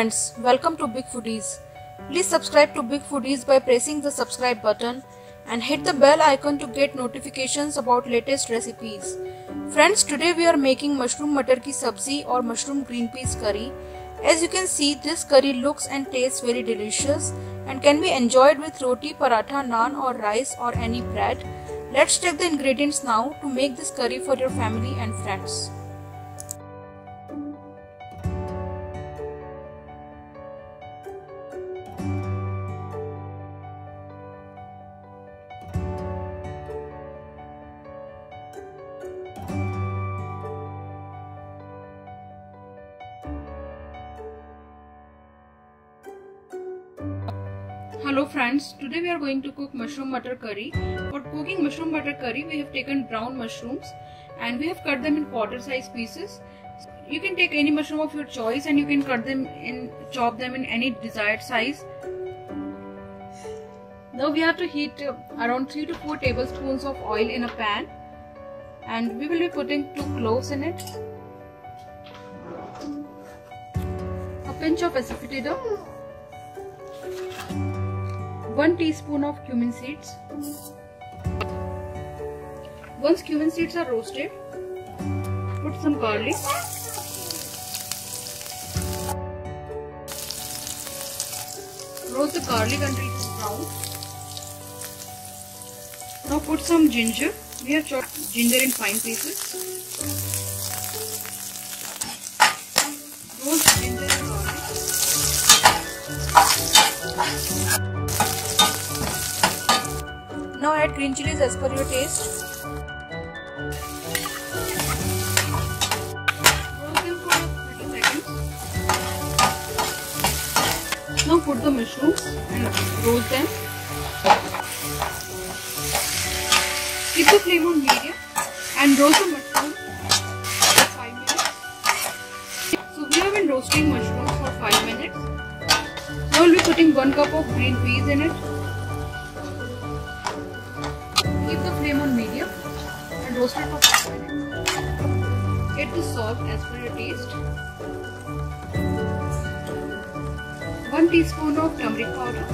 friends, welcome to Big Foodies. Please subscribe to Big Foodies by pressing the subscribe button and hit the bell icon to get notifications about latest recipes. Friends, today we are making mushroom matar ki sabzi or mushroom green peas curry. As you can see, this curry looks and tastes very delicious and can be enjoyed with roti, paratha, naan or rice or any bread. Let's check the ingredients now to make this curry for your family and friends. Hello friends, today we are going to cook mushroom butter curry. For cooking mushroom butter curry, we have taken brown mushrooms and we have cut them in quarter size pieces. You can take any mushroom of your choice and you can cut them in chop them in any desired size. Now we have to heat around 3 to 4 tablespoons of oil in a pan and we will be putting 2 cloves in it. A pinch of asafoetida 1 teaspoon of cumin seeds. Once cumin seeds are roasted, put some garlic. Roast the garlic until it is brown. Now put some ginger. We have chopped ginger in fine pieces. Roast ginger and garlic. Now add green chilies as per your taste. Now put the mushrooms and roast them. Keep the flame on medium and roast the mushrooms for 5 minutes. So we have been roasting mushrooms for 5 minutes. Now we'll be putting 1 cup of green peas in it. दूसरे को get the salt as per your taste 1 teaspoon of turmeric powder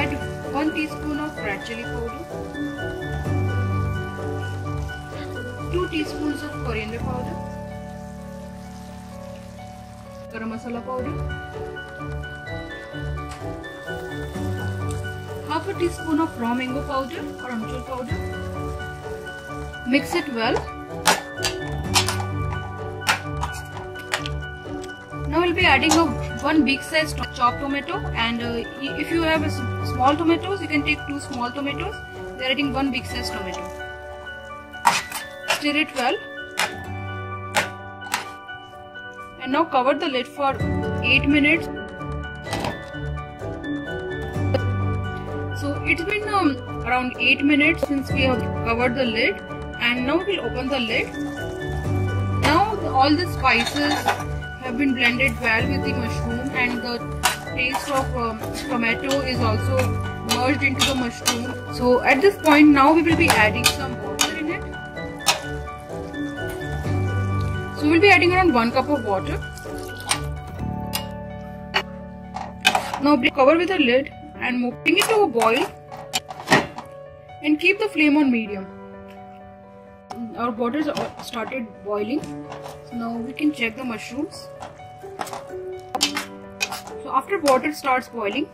add 1 teaspoon of red chili powder 2 teaspoons of coriander powder garam masala powder half a teaspoon of raw mango powder or amchur powder. Mix it well. Now we'll be adding a one big size chopped tomato and uh, if you have small tomatoes you can take two small tomatoes. We're adding one big size tomato. Stir it well. And now cover the lid for 8 minutes. It's been um, around 8 minutes since we have covered the lid and now we'll open the lid. Now all the spices have been blended well with the mushroom and the taste of um, tomato is also merged into the mushroom. So at this point now we will be adding some water in it. So we'll be adding around 1 cup of water. Now cover with a lid and bring it to a boil and keep the flame on medium our water uh, started boiling so now we can check the mushrooms so after water starts boiling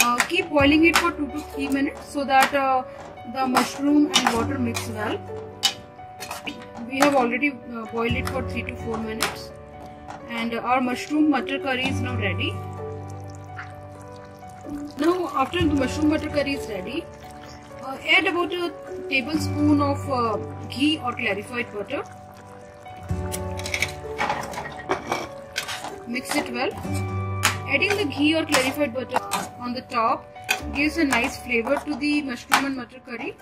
uh, keep boiling it for 2 to 3 minutes so that uh, the mushroom and water mix well we have already uh, boiled it for 3 to 4 minutes and our mushroom butter curry is now ready now after the mushroom butter curry is ready uh, add about a tablespoon of uh, ghee or clarified butter. Mix it well. Adding the ghee or clarified butter on the top gives a nice flavor to the mushroom and mutter curry.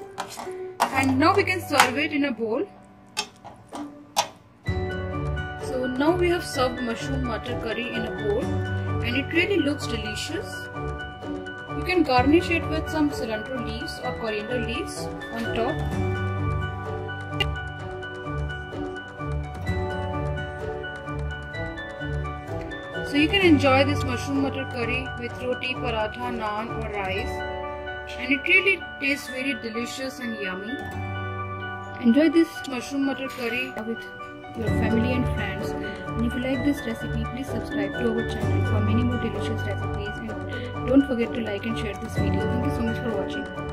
And now we can serve it in a bowl. So now we have served mushroom mutter curry in a bowl and it really looks delicious. You can garnish it with some cilantro leaves or coriander leaves on top. So you can enjoy this mushroom butter curry with roti, paratha, naan or rice and it really tastes very delicious and yummy. Enjoy this mushroom butter curry with your family and friends and if you like this recipe please subscribe to our channel for many more delicious recipes don't forget to like and share this video. Thank you so much for watching.